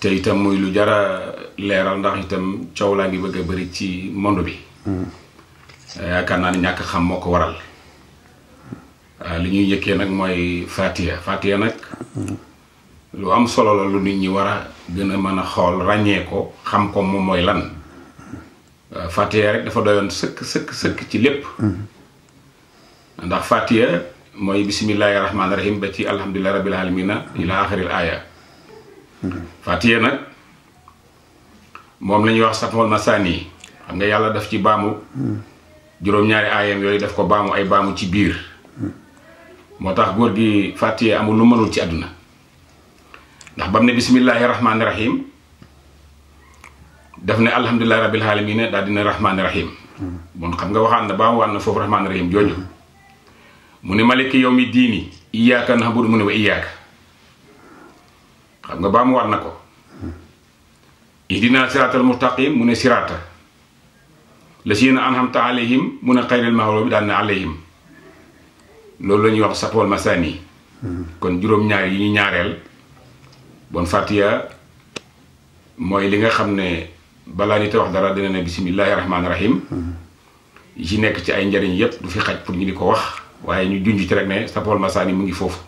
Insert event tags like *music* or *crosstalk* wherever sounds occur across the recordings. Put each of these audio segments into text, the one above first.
te itam muy lu jara leral ndax itam ciow la ngi bëgg a ci monde bi yaakaar naa ne ñàkk xam moo ko waral eh, li ñuy fatia, nag mooy fatia fatia nag hmm. lu am solo la lu nit ñi war a gën a mën a xool ràññee ko xam ko moom mooy lan eh, fatia rek dafa doyoon sëkk sëkk sëkk ci lépp hmm. ndax fatia mooy bismillahi rahmaani rahim ba ci alhamdulilah rabil alamina ila axiril fatiha nak mom lañuy wax safol masani xam nga yalla daf ci baamu juróom-ñaari aayam yoy daf ko baamu ay baamu ci bir motax gor góor gi fatiha amul lu mënul ci aduna ndax bam ne bismillahi daf ne alhamdulillahi rabbil alamin da dina rahmanir rahim bon xam nga waxan na baamuwaat na fofu rahmanir rahim jooju muni maliki yawmi dini iyyaka iyaaka wa iyyaka xam nga baamu waat na ko ihdina siratal mustaqim mu ne sirata la si yéen anhamta alayhim mu ne xayril mahro bi alayhim loolu la wax sapool masani kon juróom-ñaar yi ñu ñaareel bon fatiya mooy li nga xam ne balaa nit a wax dara dina ne bisimillahi rahmaani rahim yi ci ci ay njariñ yépp du fi xaj pour ñu di wax waaye ñu junj rek ne sapool masani mu ngi foofu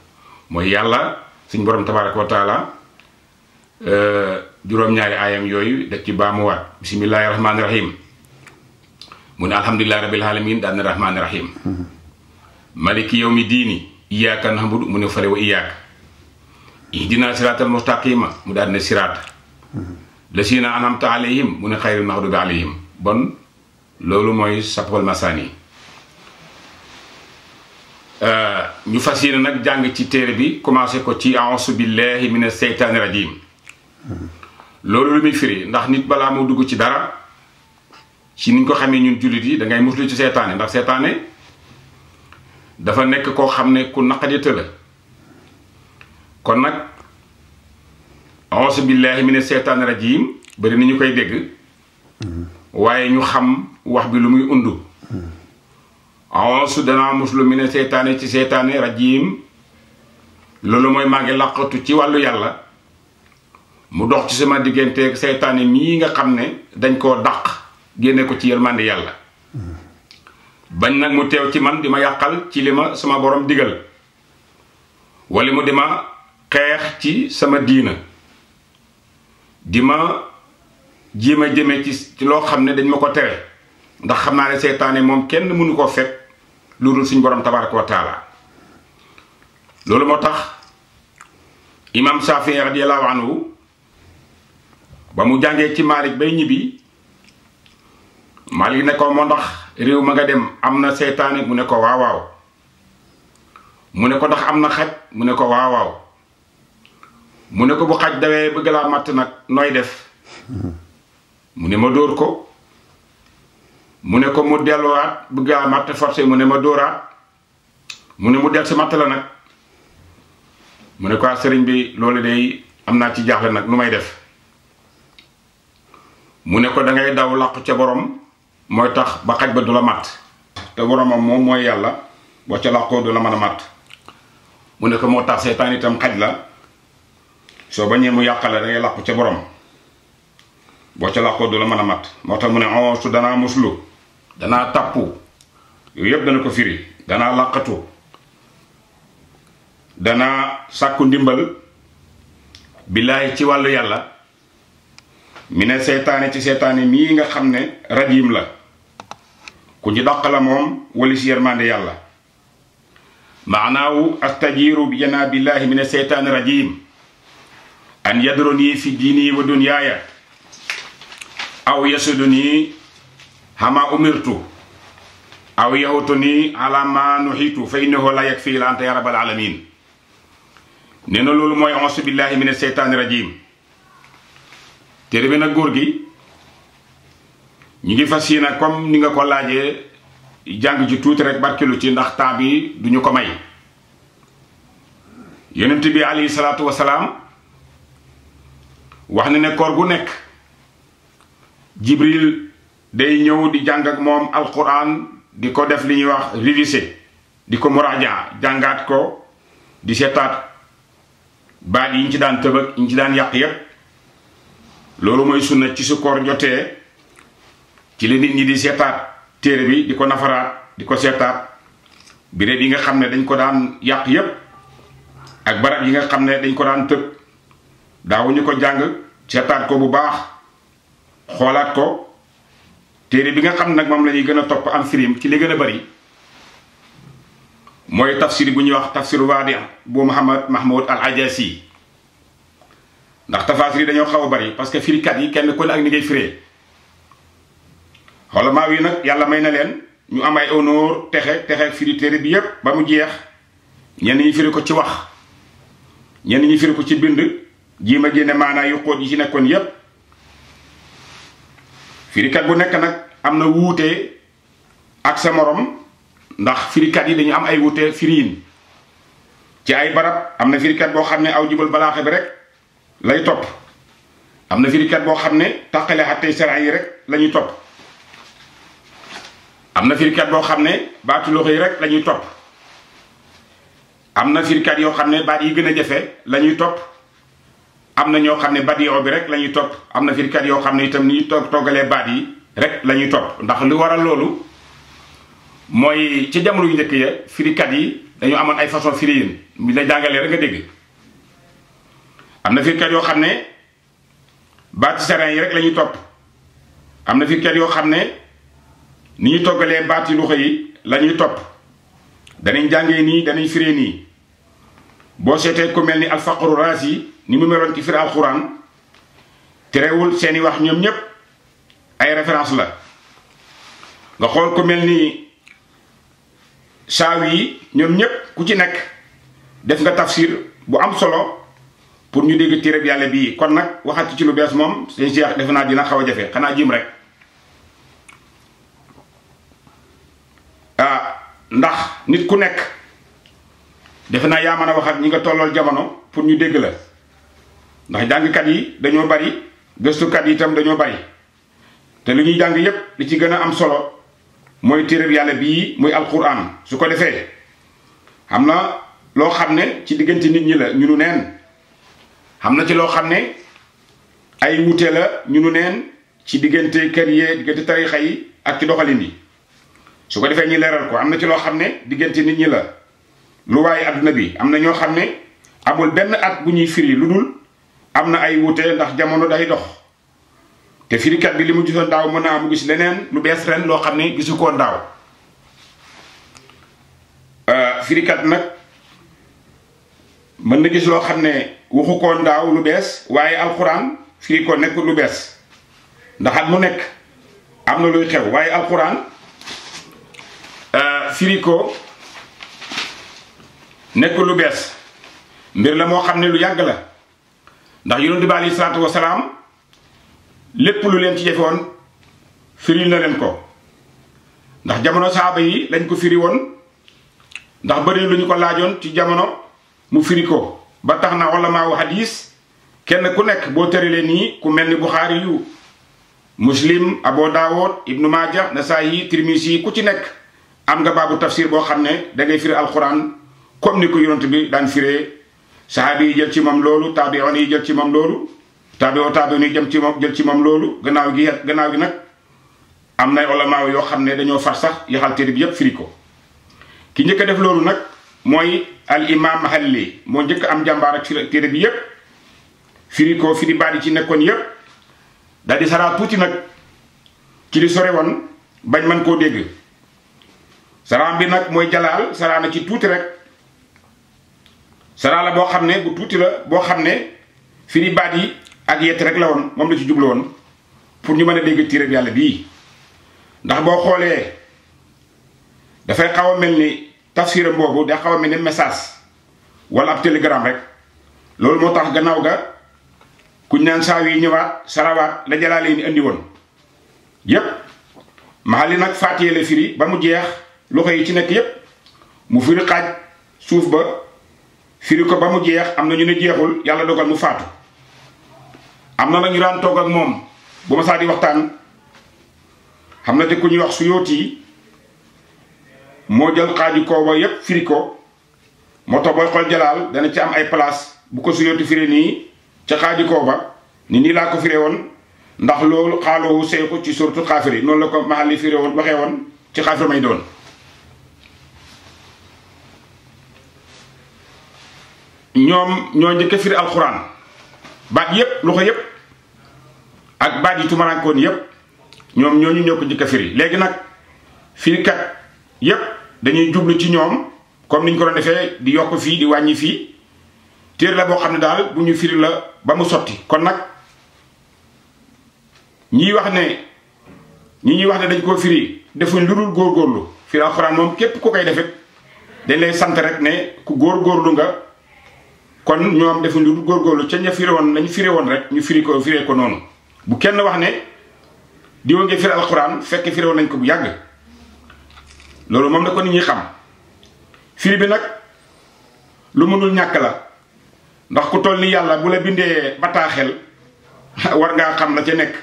mooy yàlla suñ borom tabaraka taala Euh, juróom-ñaari aayam yooyu daf ci baamuwaat bisimillahi rahmaani rahim mu ne alhamdulilahi rabil alamin daal na rahmaani rahim maliki yawmi diini iyaaka nahbudu mu ne fale wa iyaaka ihdina siraatal mustaqima mu daal ne siraata la siina anamta alayhim mu ne xayril maxdubi alayhim bon loolu mooy sapol masaan yi euh, ñu fas yéene nag jàng ci téere bi commencé ko ci aousu billahi min a seytaani rajim loolu lu muy firi ndax nit balaa moo dugg ci dara ci niñ ko xamee ñun jullit yi da ngay muslu ci seetaane ndax seetaane dafa nekk koo xam ne ku naqadite la kon nag auzu billaahi mina seetaane rajiim bari nañu koy dégg waaye ñu xam wax bi lu muy und auzu danaa muslu mina seetaane ci seetaane rajiim loolu mooy maa ngi laqatu ci wàllu yàlla mu dox ci sama digganteeg seytaane mii nga xam ne dañ koo dàq génne ko ci yërmande yàlla bañ nag mu teew ci man di ma yàqal ci li ma sama borom digal walla mu di ma xeex ci sama diina di ma jéem a jëme ci loo xam ne dañ ma ko tere ndax xam naa ne seytaane moom kenn mënu koo fekk lu dul suñ borom tabaraka wa taala loolu moo tax imam Saafi radiyallahu anhu ba mu jàngee ci Malick bay ñibbi Malick ne ko moo ndax réew ma nga dem am na seytaane mu ne ko waawaaw mu ne ko ndax am na xaj mu ne ko waaw waaw mu ne ko bu xaj dawee bëgg laa matt nag nooy def mu ne ma dóor ko mu ne ko mu delluwaat bëgg matt forcé mu ne ma dóoraat mu ne mu del si matt la nag mu ne ko ah, sëriñ bi loolu day am naa ci jaaxle nag nu may def mu ne ko da ngay daw làqu ca borom mooy tax ba xaj ba du la matt te boromam moom mooy yàlla boo ca làqoo du la man a matt mu ne ko moo tax seytaan itam xaj la soo bañee mu yàq la da làqu ca borom boo ca làqoo du la mën a matt moo tax mu ne on oh, su danaa muslu danaa tàppu yooyu yëpp dana ko firi danaa làqatu danaa sàkku ndimbal billaay ci wàllu yàlla mi ne seytaane ci seytaane mii nga xam ne rajim la ku ci dàq la moom wali si yermande yàlla maanaawu astajiiru bi janaa billaahi mi ne seytaane rajim an yadroni fi diini wa dunyaaya aw yasuduni hama umirtu aw yahutuni ala ma nuxitu fa innahu la yakfi la anta ya rabbal alamin nee na loolu mooy onsu billahi min seytaani rajim téere bi na góor gi ñu ngi fas yéene comme ni nga ko laajee jàng ju tuuti rek barkilu ci ndax temps bi duñu ko may yonent bi alayhi salaatu wasalaam wax na ne koor gu nekk jibril day ñëw di jàng ak moom alquran di ko def li ñuy wax révisé di ko muraja jàngaat ko di setaat baat yi ñu ci daan tëbëg ñu ci daan yàq yépp loolu mooy sunna ci su koor jotee ci la nit ñi di seetaat téere bi di ko nafaraat di ko seetaat béréb yi nga xam ne dañ ko daan yàq yépp ak barab yi nga xam ne dañ ko daan tëb daawuñu ko jàng seetaat ko bu baax xoolaat ko téere bi nga xam nag moom lañuy gën a topp en firim ci li gën a bari mooy tafsir bu ñuy wax tafsir waadi bu Muhammad Mahmoud al Ajasi ndax tafaasir yi dañoo xaw a bari parce que firikat yi kenn ku ne ak ni ngay firee xolamaa nag yàlla may na leen ñu am ay honneur texe texe ak firi téere bi yépp ba mu jeex ñenn ñi firi ko ci wax ñenn ñi firi ko ci bind ma génne maanaa yu xóot yi ci nekkoon yépp firikat bu nekk nag am na wuute ak sa morom ndax firikat yi dañu am ay wuute firiin ci ay barab am na firikat boo xam ne aw jubal balaaxe bi rek lay top amna na firikat bo xamne takale hatta àttey yi rek lañuy top amna am na bo xamne xam ne rek lañuy top amna am na yo xamne bat yi gëna a jafe la ñuy topp am na ñoo xam bi rek lañuy top amna am na yo xamne itam ni ñu togalé bat yi rek lañuy top ndax lu waral lolu moy ci jamru yu ñëk ya firikat yi dañu amoon ay façon firiyin mi la jàngalé rek nga dégg am na firkat yoo xam ne baati sarañ yi rek la topp am na firkat yoo xam ne ni ñu toggalee baati luxa yi lañuy topp danañ jàngee nii danañ firee nii boo seetee ku mel ni alfaqru raas yi ni mu meloon ci firi alxuraan terewul seeni wax ñoom ñépp ay référence la nga xool ku mel ni saawi yi ñoom ñépp ku ci nekk def nga tafsir bu am solo pour ñu dégg téereb yàlla bii kon nag waxati ci lu bees moom seen Cheikh defe naa dina xaw a jafe xanaa jim rek ah ndax nit ku nekk defe naa yaa mën a wax ñi nga tollool jamono pour ñu dégg la ndax jàngkat yi dañoo bari gëstukat yi itam dañoo bari te lu ñuy jàng yépp li ci gën a am solo mooy téereb yàlla bii muy alquran su ko defee am na loo xam ne ci diggante nit ñi la ñu nu neen xam na ci loo xam ne ay wute la ñu nu neen ci diggante kër yee diggante tarixa yi ak ci doxalin yi su ko defee ñi leeral ko am na ci loo xam ne diggante nit ñi la lu waaye àdduna bi am na ñoo xam ne amul benn at bu ñuy firi lu dul am na ay wute ndax jamono day dox te firikat bi li mu gisoon ndaaw mën naa am gis leneen lu bees ren loo xam ne gisu koo daaw euh, firikat nag mën na gis loo xam ne waxu ko ndaaw lu bees waaye alxuraan firi ko nekk lu bees ndax at mu nekk am na luy xew waaye alxuraan euh, firi ko nekk lu bees mbir la moo xam ne lu yàgg la ndax yonent bi aleyhi salaatu wasalaam lépp lu leen ci jafe woon firil na leen ko ndax jamono saaba yi lañ ko firi woon ndax bëri lu ko laajoon ci jamono mu firi ko ba tax na ulamaa wu hadis kenn ku nekk boo tëralee nii ku mel ni buxaari yu muslim abo daawod ibnu maaja nasaayi tirmisi ku ci nekk am nga baabu tafsir boo xam ne dangay ngay alxuraan alquran comme ni ko yonent bi daan firee sahaabi yi jël ci moom loolu taabiyoon yi jël ci moom loolu taabiyoo taabiyoon jëm ci moom jël ci moom loolu gannaaw gi gannaaw gi nag am nay olamaa yoo xam ne dañoo far sax yaxal téere bi yépp firi ko ki njëkk def loolu nag mooy al imam halli moo njëkk am jàmbaar ak firi bi yépp firi ko firi baat yi ci nekkoon yépp daal di saraa tuuti nag ci li sore woon bañ man koo dégg saraam bi nag mooy jalaal saraa na ci tuuti rek saraa la boo xam ne bu tuuti la boo xam ne firi baat yi ak yett rek la woon moom la ci jublu woon pour ñu mën a dégg téere bi yàlla bii ndax boo xoolee dafay xaw a mel ni tafsiram boobu da xaw a mel ni message wala ab télégramme rek loolu moo tax gannaaw ga kuñ naan saaw yi ñëwaat sarawaat la jalaale ni andi woon yépp maxali nag faatiyee la firi ba mu jeex loxo yi ci nekk yépp mu firi xaaj suuf ba firi ko ba mu jeex am na ñu ne jeexul yàlla dogal mu faatu am na nag ñu daan toog ak moom bu ma saa di waxtaan xam na te ku ñuy wax su yi moo jël xaaju kooba yépp firi ko moo tax booy xool jalaal dana ci am ay place bu ko suyooti firi nii ca xaaju ba ni nii laa ko firi woon ndax loolu wu seexu ci surtout xaafiri noonu la ko maxalli firi woon waxee woon ci xaafir may doon ñoom ñoo njëkk a alxuraan baat yépp loxo yépp ak baat yi tumarankoon yépp ñoom ñooñu ñoo ko njëkk a léegi nag firikat yépp dañuy jublu ci ñoom comme niñ ko defee di yokk fii di wàññi fii téere la boo xam ne daal bu ñu firi la ba mu sotti kon nag ñiy wax ne ñi ñuy wax ne dañ koo firi defuñ lu dul góorgóorlu firi alxuraan moom képp ku koy defet dañ lay sant rek ne ku góor góorlu nga kon ñoom defuñ lu dul góorlu ca ña firi woon lañ firi woon rek ñu firi ko firee ko noonu bu kenn wax ne diwa nga firi alxuraan fekk firi woon nañ ko bu yàgg loolu moom na ko nit ñi xam firi bi nag lu mënul ñàkk la ndax ku toll ni yàlla bu la bindee bataaxel *laughs* war ngaa xam la ca nekk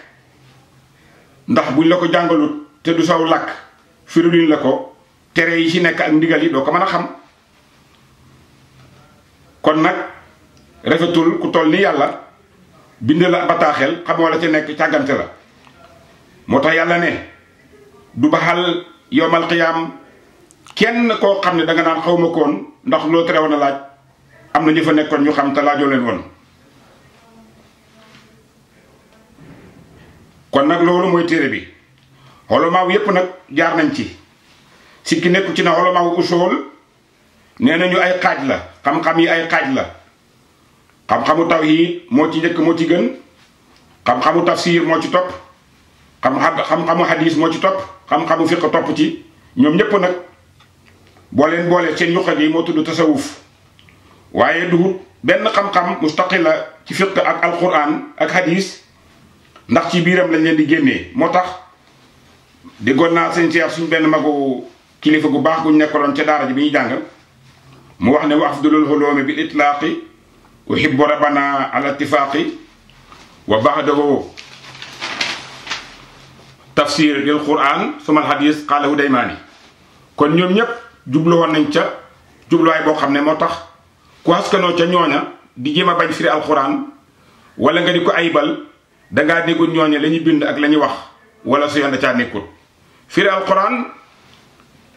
ndax buñ la ko jàngalu te du saw làkk firiluñ la ko tere yi ci nekk ak ndigal yi doo ko mën a xam kon nag rafetul ku toll ni yàlla bind la bataaxel xamoo la ca nekk càggante la moo tax yàlla ne du baxal yowmal qiyaam kenn koo xam ne danga naan xawma koon ndax loo terewoon a laaj am na ñu fa nekkoon ñu xam te laajoo leen woon. kon nag loolu mooy téere bi xolomaaw yépp nag jaar nañ ci sikki nekku ci na xolomaaw usool nee nañu ay xaaj la xam-xam yi ay xaaj la xam-xamu tawhiid moo ci njëkk moo ci gën xam-xamu tafsir moo ci topp xam-xam xam-xamu xadis moo ci topp xam-xamu fiq topp ci ñoom ñépp nag boo leen boole seen yuqat yi moo tudd tasawuf waaye du benn xam-xam mustaqila ci fiq ak alquran ak xadis ndax ci biiram lañ leen di génnee moo tax déggoon naa seen seex suñ benn magu kilifa gu baax guñ nekkaloon ca daara ji bi jàng mu wax ne wa afdalul xuloomi bil itlaaqi uhibbu rabbana ala ittifaaqi wa baxdahu tafsir lil quran sumal hadis xaalahu daymaani kon ñoom ñépp jubluwoon nañ ca jubluwaay boo xam ne moo tax ku askanoo ca ñooña di jéem a bañ firi alquran wala nga di ko ayibal dangaa déggul ñooña la bind ak la wax wala su yoon da caa nekkul firi alquran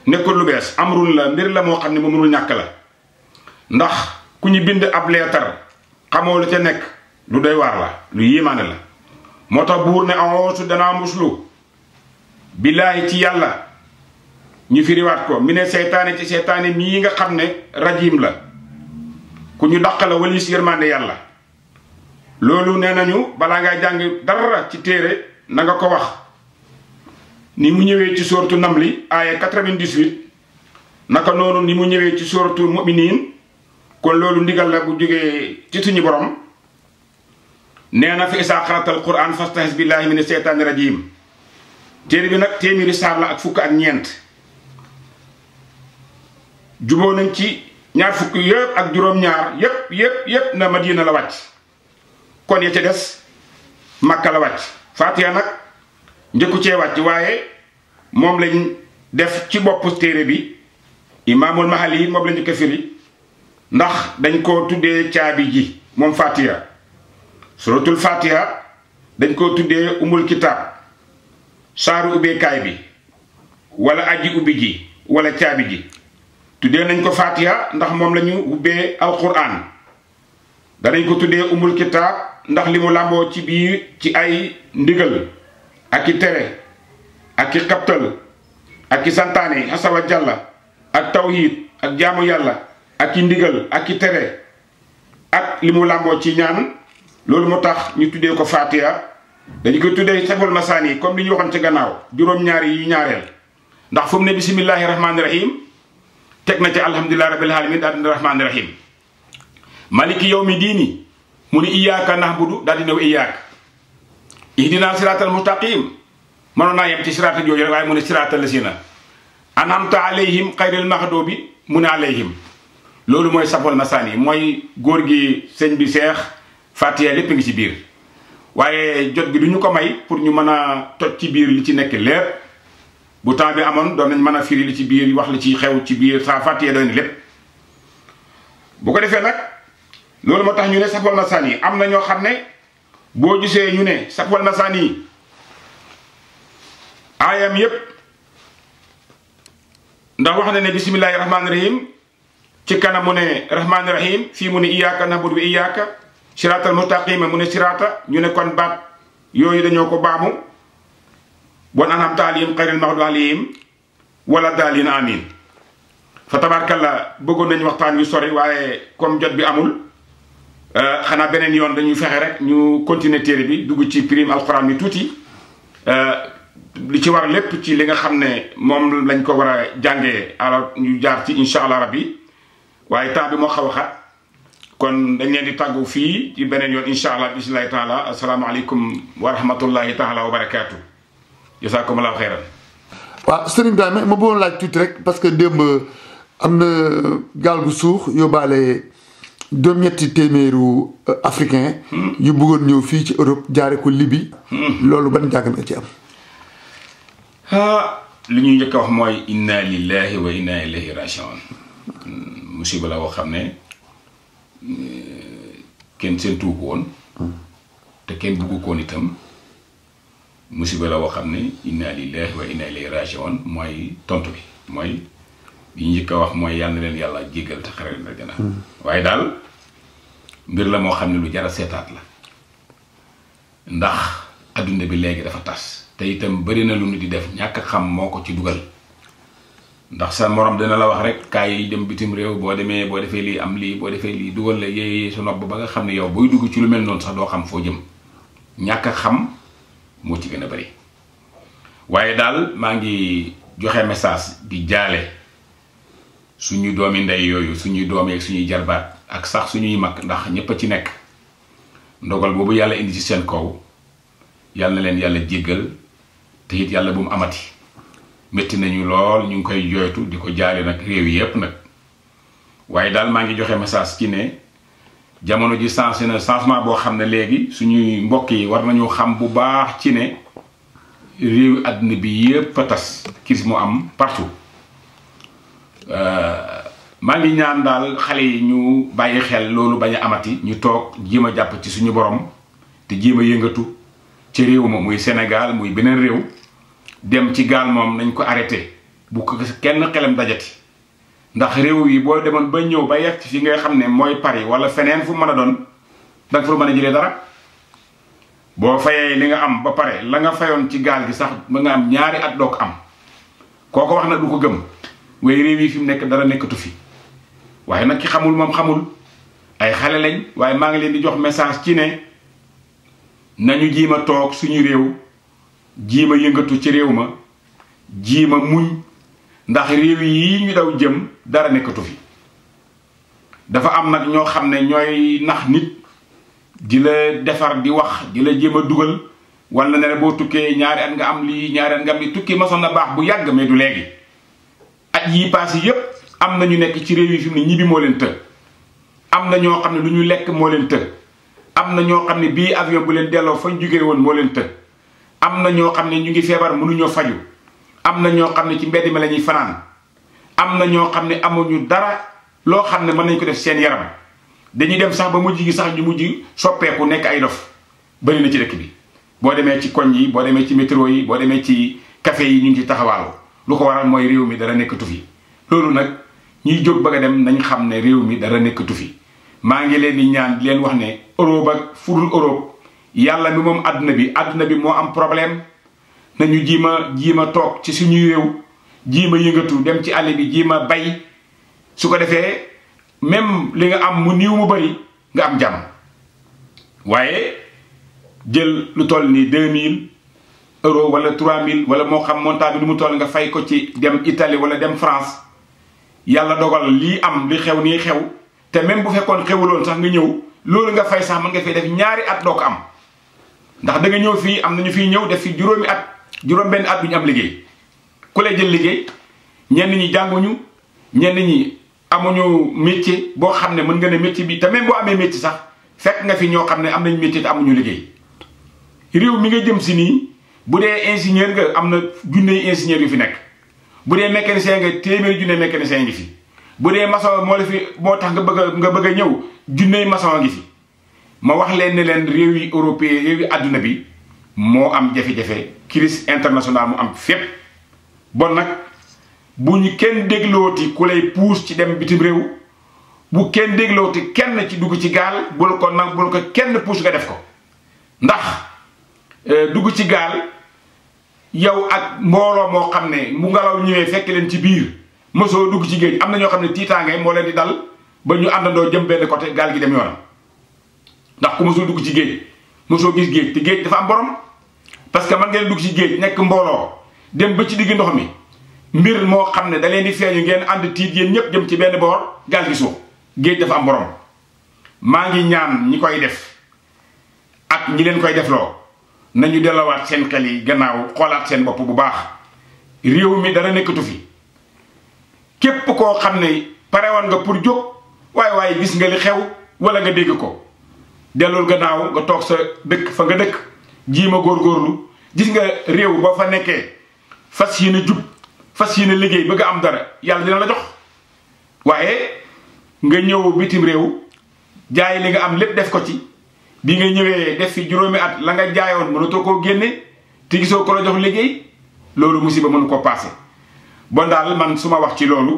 nekkul lu bees amrun la mbir la moo xam ne mu mënul ñàkk la ndax ku ñu bind ab leetar xamoo lu ca nekk lu doy waar la lu yéemaane la moo tax buur ne awoosu danaa muslu billaahi ci yàlla ñu firiwaat ko mi ne seytaane ci seytaane mii nga xam ne rajim la ku ñu dàq la walis yërmande yàlla loolu nee nañu balaa ngay jàng dara ci téere na nga ko wax ni mu ñëwee ci sóortu li aaya 98 naka noonu ni mu ñëwee ci sóortu muminin kon loolu ndigal la bu jógee ci suñu borom nee na fi isaa xaratal quran fastahis billahi mi ne seytaani rajim téere bi nag téeméeri saar la ak fukk ak ñeent juboo nañ ci ñaar fukk yëpp ak juróom-ñaar yëpp yëpp yëpp na Madina la wàcc kon ya ca des Makka la wàcc Faatiha nag njëkku cee wàcc waaye moom lañ def ci boppu téere bi imaamul mahali moom lañu ko ndax dañ ko tuddee caabi ji moom Faatiha suratul Faatiha dañ ko tuddee umul kitaab saaru ubbeekaay bi wala aji ubbi ji wala caabi ji tuddee nañ ko fatiha ndax moom la ñu ubbee alquran danañ ko tuddee umul kitaab ndax li mu làmboo ci biir ci ay ndigal ak i tere ak i xabtal ak i santaane xasawa jàlla ak tawhid ak jaamu yàlla ak i ndigal ak i tere ak li mu làmboo ci ñaan loolu moo tax ñu tuddee ko fatiha dañu koy tuddee xeful masaan yi comme li ñu waxoon ci gannaaw juróom-ñaar yi ñaareel ndax fu ne bisimillahi rahmaani rahim teg na ci alhamdulilahi rabbil alamin daal dina rahmaani rahim maliki yow mi diini mu ni iyaaka nahbudu daal dina wa iyaak ihdina siraatal mustaqim mënoon naa ci siraata jooju rek waaye mu ne siraata la si na anamta alayhim xayril maxdoo bi mu ne alayhim loolu mooy safol masaan yi mooy góor gi sëñ bi seex fàttiya lépp ngi ci biir waaye jot gi du ñu ko may pour ñu mën a toj ci biir li ci nekk leer bu temps bi amoon doon nañ mën a firi li ci biir wax li ci xew ci biir saa fàttee doon lépp bu ko defee nag loolu moo tax ñu ne safwal masaan yi am na ñoo xam ne boo gisee ñu ne safwal na yi aayam yépp ndax wax na ne bisimillahi rahmaani rahim ci kanam ne rahmaani rahim fii mu ne iyaaka nahbudu bi iyaaka siraatal mustaqima mu ne siraata ñu ne kon baat yooyu dañoo ko baamu bon anam taalim xayril maxdu alihim wala daalin amin fa tabarkalla bëggoon nañu waxtaan wi sori waaye comme jot bi amul xanaa beneen yoon dañuy fexe rek ñu continuer téere bi dugg ci prime alxuraan bi tuuti li ci war lépp ci li nga xam ne moom lañ ko war a jàngee alors ñu jaar ci incha allah rabbi waaye temps bi moo xaw a xat kon dañ leen di tàggu fii ci beneen yoon incha allah bisimilahi taala asalaamaaleykum wa rahmatullahi taala wa barakaatu allah xeyran waaw sëriñ bi ma bëggoon laaj tuuti rek parce que démb am na gaal gu suux yóbbaale doom ñetti téeméeru africain yu bëggoon ñëw fii ci Europe jaare ko libi loolu ban jàgg nga ci am ah li ñuy njëkk wax mooy inna lillahi wa inna ilayhi rajiun musiba la woo xam ne kenn séentuwu ko woon te kenn bugg koon itam musiba la woo xam ne inna lillahi wa inna ilayhi rajiun mooy tontu bi mooy li njëkk a wax mooy yàlla leen yàlla jéggal te xare leen la hmm. waaye daal mbir la moo xam ne lu jara seetaat la ndax adduna bi léegi dafa tas te itam bëri na lu nit di def ñàkk xam moo ko ci dugal ndax sa morom dina la wax rek kaay yi dem bitim réew boo demee boo defee lii am lii boo defee lii dugal la yéeyee sa nopp ba nga xam ne yow booy dugg ci lu mel noonu sax doo xam foo jëm ñàkk a xam moo ci gën a bari waaye daal maa ngi joxe message di jaale suñu doomi ndey yooyu suñuy doom ak suñuy jarbaat ak sax suñuy mag ndax ñépp a ci nekk ndogal boobu yàlla indi ci seen kaw yàlla leen yàlla jéggal te it yàlla bu mu amati métti nañu lool ñu ngi koy jooytu di ko jaale nag réew yépp nag waaye daal maa ngi joxe message ci ne jamono ji sensé na changement boo xam ne léegi suñuy mbokk yi war nañu xam bu baax ci ne réew àdduna bi yépp a tas crise mu am partout euh, maa ngi ñaan daal xale yi ñu bàyyi xel loolu bañ a amati ñu toog jéem a jàpp ci suñu borom te jéem a yëngatu ci réew ma muy Sénégal muy beneen réew dem ci gaal moom nañ ko arrêté bu ko kenn xelam dajati ndax réew yi boo demoon ba ñëw ba yegg ci fi nga xam ne mooy Paris wala feneen fu mën a doon dag fa mën a jëlee dara boo fayee li nga am ba pare la nga fayoon ci gaal gi sax ba nga am ñaari at doog am kooko wax na du ko gëm waaye réew yi fi mu nekk dara nekkatu fi waaye nag ki xamul moom xamul ay xale lañ waaye maa ngi leen di jox message ci ne nañu jiima toog suñu réew jiima yëngatu ci réew ma jiima muñ ndax réew yi ñu daw jëm dara nekkatu fi dafa am nag ñoo xam ne ñooy nax nit di la defar di wax di la jéem a dugal wala ne boo tukkee ñaari at nga am lii ñaari at nga am lii tukki masoon na baax bu yàgg mais du léegi at yii paase yépp am na ñu nekk ci réew yi fi mu ne ñibbi moo leen të am na ñoo xam ne lu ñu lekk moo leen të am na ñoo xam ne bii avion bu leen delloo fañ jógee woon moo leen të am na ñoo xam ne ñu ngi feebar mënuñoo faju am na ñoo xam ne ci mbedd mi la ñuy fanaan am na ñoo xam ne amuñu dara loo xam ne mën nañ ko def seen yaram dañuy dem sax ba mujj gi sax ñu mujj soppeeku nekk ay dof bëri na ci dëkk bi boo demee ci koñ yi boo demee ci métro yi boo demee ci café yi ñu ngi ci taxawaaloo lu ko waral mooy réew mi dara nekkatu fi loolu nag ñiy jóg bëgg dem nañ xam ne réew mi dara nekkatu fi maa ngi leen di ñaan leen wax ne Europe ak furul Europe yàlla mi moom àdduna bi àdduna bi moo am problème nañu jiima jiima toog ci suñu réew jii ma yëngatu dem ci àll bi jiima bay su ko defee même li nga am mu niiw mu bari nga am jàmm waaye jël lu toll nii deux mille euros wala trois mille wala moo xam montant bi nu mu toll nga fay ko ci dem Italie wala dem France yàlla dogal lii am li xew nii xew te même bu fekkoon xewuloon sax nga ñëw loolu nga fay sax mën nga fi def ñaari at doo ko am ndax da nga ñëw fii am nañu fii ñëw def fi juróomi at juróom benn at duñ am liggéey ku lay jël liggéey ñenn ñi jànguñu ñenn ñi amuñu métier boo xam ne mën nga ne métier bi te même boo amee métier sax fekk nga fi ñoo xam ne am nañ métier te amuñu liggéey réew mi nga jëm si nii bu dee ingénieur nga am na junne ingénieur yu fi nekk bu dee mécanicien nga téeméeri junne mécanicien ngi fi bu dee maçon moo la fi moo tax nga bëgg nga bëgg a ñëw junne maçon ngi fi ma wax leen ne leen réew yi européen réew yi àdduna bi moo am jafe-jafe crise internationale mu am fépp bon nag bu ñu kenn déglooti ku lay puus ci dem bitim réew bu kenn déglooti kenn ci dugg ci gaal bul ko nag bul ko kenn puus nga def ko ndax euh, dugg ci gaal yow ak mbooloo moo xam ne mu nga ngelaw ñëwee fekk leen ci biir mosoo dugg ci géej am na ñoo xam ne tiitaange moo leen di dal ba ñu àndandoo jëm benn côté gaal gi dem yoonam ndax ku mosul dugg ci géej mosoo gis géej te géej dafa am borom parce que man ngeen dugg ci géej nekk mbooloo dem ba ci digg ndox mi mbir moo xam ne da leen di feeñu ngeen ànd tiit yéen ñëpp jëm ci benn boor gaal gi suuf géej dafa am borom maa ngi ñaan ñi koy def ak ñi leen koy defloo nañu dellowaat seen xel yi gannaaw xoolaat seen bopp bu baax réew mi dara nekkatu fi képp koo xam ne pare woon nga pour jóg waaye waaye gis nga li xew wala nga dégg ko delul gannaaw nga tok sa dekk fa nga jima gor gorlu gis nga rew ba fa nekké fasiyene djub fasiyene liggey bëgg am dara yalla dina la jox waaye nga ñëw bitim rew jaay li nga am lepp def ko ci bi nga ñëwé def ci juroomi at la nga jaayoon to ko génné ti giso ko la jox liggey lolu musiba mënu ko passé bon dal man suma wax ci lolu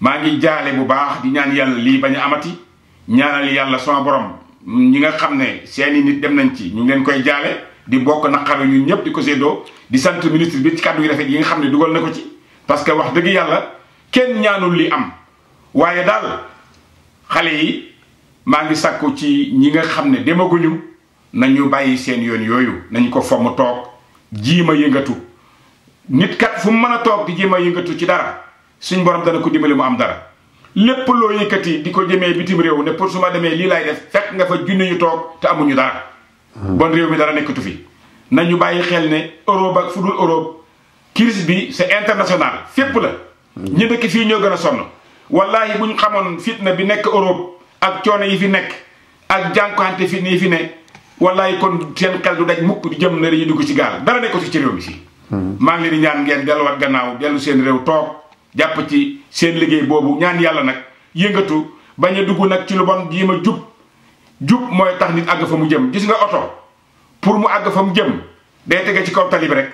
ma ngi jaalé bu baax di ñaan yalla lii baña amati ñaanal yalla sama borom ñi nga xam seeni nit dem nañ ci ñu ngi leen koy jaalé di bokk xaru ñun ñëpp di ko sédo di sante ministre bi ci kaddu yi rafet yi nga dugal nako ci parce que wax deug yalla kenn ñaanul li am waye dal xalé yi ma ngi sakku ci ñi nga xam demaguñu nañu bayyi seen yoon yoyu nañ ko fomm tok tu yëngatu nit kat fu mëna tok di jima yëngatu ci dara suñ borom dana ko dimbali mu am dara lépp loo yëkkati di ko jëmee bitim réew ne pour suma demee lii laay def fekk nga fa junne ñu toog te amuñu dara. Hmm. bon réew mi dara nekkatu fi. nañu bàyyi xel ne Europe ak fu dul Europe crise bi c'est international fépp la. Hmm. ñu dëkk fii ñoo gën a sonn. wallaahi bu ñu xamoon fitna bi nekk Europe ak coono yi fi nekk ak jànkuwante fitna yi fi ne wallaahi kon seen xel du daj mukk di jëm ne dañuy dugg ci gaal dara nekkatu ci réew mi si. Hmm. maa ngi leen ñaan ngeen delluwaat gannaaw dellu seen réew toog. jàpp ci seen liggéey boobu ñaan yàlla nag yëngatu bañ a dugg nag ci lu bon jéem a jub jub mooy tax nit àgg fa mu jëm gis nga oto pour mu àgg fa mu jëm day tege ci kaw tali bi rek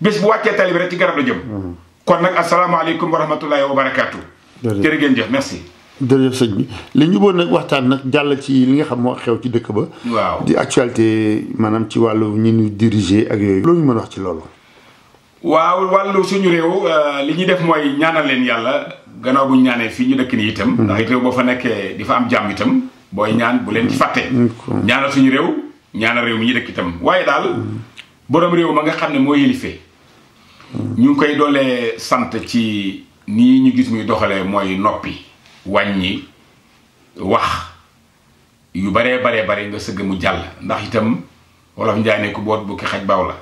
bés bu wàccee tali rek ci garab la jëm. Mhm. kon nag asalaamaaleykum wa rahmatullahi wa barakaatu. jërëjëf jërë ngeen jëf merci. jërëjëf sëñ bi li ñu bëggoon nag waxtaan nag jàll ci li nga xam moo xew ci dëkk ba. waaw di actualité maanaam ci wàllu ñi ñu diriger ak yooyu. loolu ñu mën wax ci loolu. waaw wàllu suñu réew euh, li ñuy def mooy ñaanal leen yàlla gannaaw bu ñaanee fii ñu dëkk nii itam. Mm-hmm. ndax réew boo fa nekkee di fa am jàmm itam booy ñaan bu leen ci fàtte. ñaanal suñu réew ñaanal réew mi ñu dëkk itam waaye daal mm-hmm. borom réew ma nga xam ne moo yëlifee mm-hmm. ñu ngi koy doolee sant ci nii ñu gis muy doxalee mooy noppi wàññi wax yu baree baree bare nga sëgg mu jàll ndax itam wolof njaay ne ku boot bu xaj baaw la.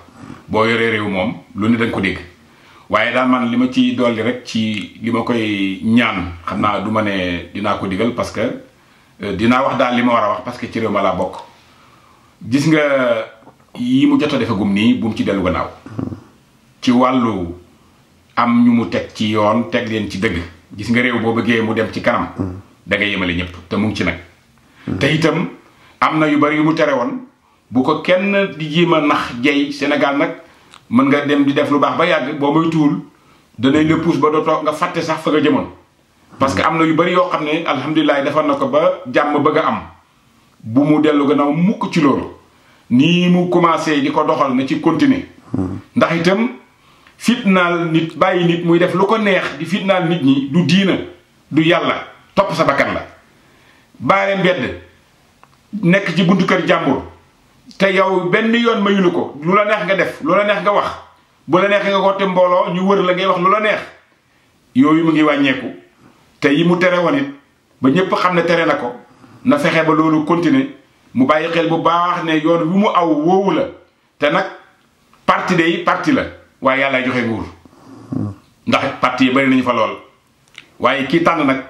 boo yoree réew moom lu ne da nga ko dégg waaye daal man li ma ci dolli rek ci li ma koy ñaan xam naa du ma ne dinaa ko digal parce que euh, dinaa wax daal li ma war a wax parce que ci réew ma laa bokk gis nga yi mu jot a defagum nii bu mu ci dellu gannaaw ci wàllu am ñu mu teg ci yoon teg leen ci dëgg gis nga réew boo bëggee mu dem ci kanam mm. da nga yemale ñëpp te mu ngi ci nag mm. te itam am na yu bari yu mu tere woon bu ko kenn di jima nax jey senegal nak man nga dem di def lu bax ba bo moy tul da danay le pousse ba tok nga fatte sax fa nga jëmoon parce que amna yu bari yo xamne alhamdullilah nako ba jam bëgg am bu mu delu gëna mukk ci lool ni mu commencé di doxal na ci continuer ndax itam fitnal nit bayyi nit muy def lu ko neex di fitnal nit ñi du diina du yalla top sa bakkan la baare mbedd nek ci buntu kër jambour te yow benn yoon mayu la ko lu la neex nga def lu la neex nga wax bu la neex nga woote mbooloo ñu wër la ngay wax lu la neex yooyu mu ngi wàññeeku te yi mu tere woon ba ñëpp xam ne tere na ko na fexe ba loolu continuer mu bàyyi xel bu baax ne yoon wi mu aw woowu la te nag parti de yi parti la waaye yàlla joxe nguur ndax parti yi bari nañu fa lool waaye kii tànn nag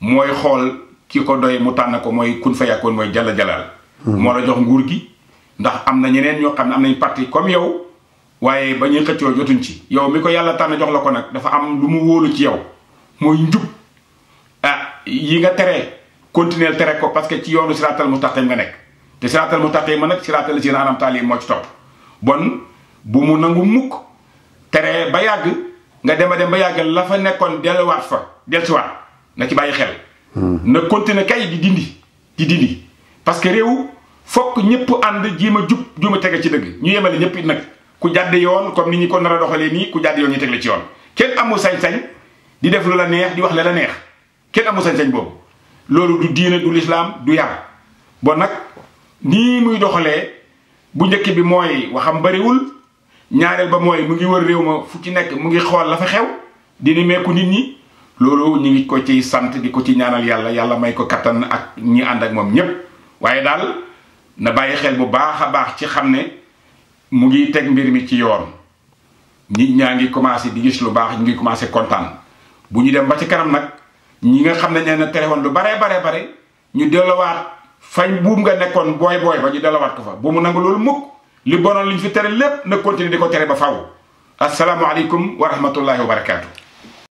mooy xool ki ko doy mu tànn ko mooy kun fa yàkkoon mooy jalla jalaal hmm. moo la jo nguur gi ndax am na ñeneen ñoo xam ne am nañ parti comme yow waaye ba ñuy xëccoo jotuñ ci yow mi ko yàlla tànn jox la ko nag dafa am lu mu wóolu ci yow mooy njub ah yi nga tere continuer tere ko parce que ci yoonu siraatal mustaqim nga nekk te siraatal mustaqim ma nag siraatal si na anam taali moo ci topp bon bu mu nangu mukk teree ba yàgg nga dem a dem ba yàgg la fa nekkoon delluwaat fa dellusiwaat na ci bàyyi xel hmm. na continuer kay di dindi di dindi parce réew fokk ñëpp ànd jima jup jub jéem a tege ci dëgg ñu yemale ñëpp it nag ku jàdd yoon comme ni ñu ko nar a doxalee ku jàdd yoon ñu teg ci yoon kenn amul sañ-sañ di def lu neex di wax la neex kenn sañ-sañ du diine du lislaam du yar bon nag nii muy doxalee bu njëkk bi mooy waxam bariwul ñaareel ba mooy mu ngi wër réew ma fu ci nekk mu ngi xool la fa xew dina meeku nit ñi loolu ñu ngi ko ciy sant di ko ci ñaanal yàlla yàlla may ko kattan ak ñi ak na bàyyi xel bu baax a baax ci xam ne mu ngi teg mbir mi ci yoon nit ñaa ngi commencé di gis lu baax ñu ngi commencé kontaan bu ñu dem ba ci kanam nag ñi nga xam ne nee na tere woon lu baree baree bare ñu delluwaat fañ buum nga nekkoon booy booy ba ñu dellowaat ko fa bu mu nangu loolu mukk li bonoon liñ fi tere lépp na continuer di ko tere ba faw asalaamualeykum wa rahmatullahi wa barakaatu.